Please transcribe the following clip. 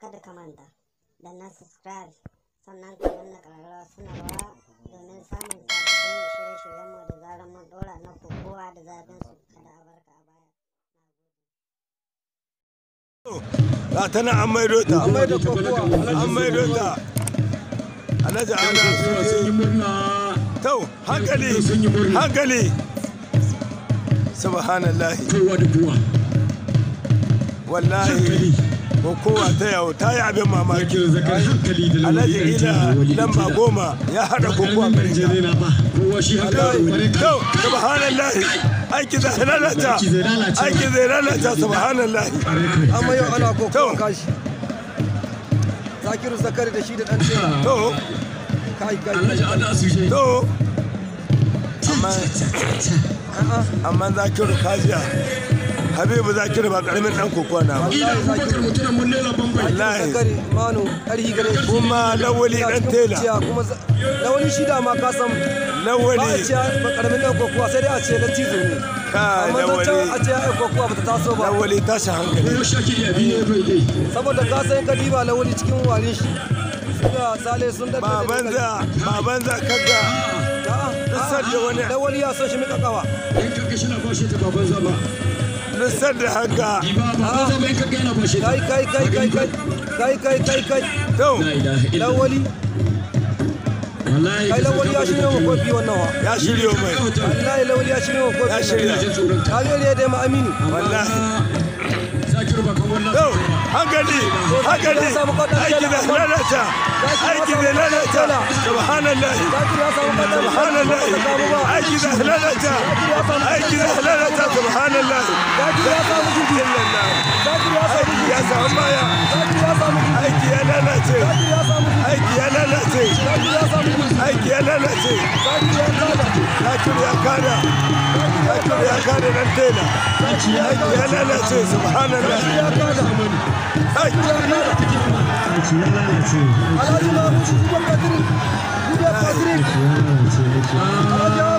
fa da kamanta da na subscribe sannan ka danna ƙararrawa sanarwa domin samun sabbin shirye-shiryenmu da zarar mun dora na kokowa da zafin su kada a barka a baya. ta nan an maido ta an maido kokowa an maido ta alhaji ana tau hankali hankali subhanallah wallahi ko kowa ta yawo ta yi abin mamaki alhaji ila lamba goma ya haɗa kokowa karshe kyau subhanallah aiki zai lalata aiki zai lalata subhanallah amma yau ana kokowa kashi zakiru zakari da shi da ɗan cewa ah. to kai kai to amma zakiru kajiya habibu zakir ba karamin dan kokowa na ba wallahi manu karhi gare kuma lawali dan tela kuma lawali shi da ma ka san lawali ba karamin dan kokowa sai dai a ce latizo ne ka lawali a ce ai kokowa ba ta taso ba lawali tashi hankali saboda ka san kadiba lawali cikin warin shi banza sale sun da banza ba banza kaga da wani da wani shi mika kawa shi na ta ba banza ba da haka kai kai kai kai kai kai kai kai kai to lawali kai lawali ya shirya wa kofi wannan wa ya shirya mai wallahi lawali ya shirya wa kofi ya shirya ka ga dai ma aminu wallahi hankali hankali aiki da lalata aiki lalata aiki lalata aiki lalata aiki ya samu baya aiki ya lalace aiki ya lalace aiki ya lalace ya kare nan ya lalace subhanallah ya kada amani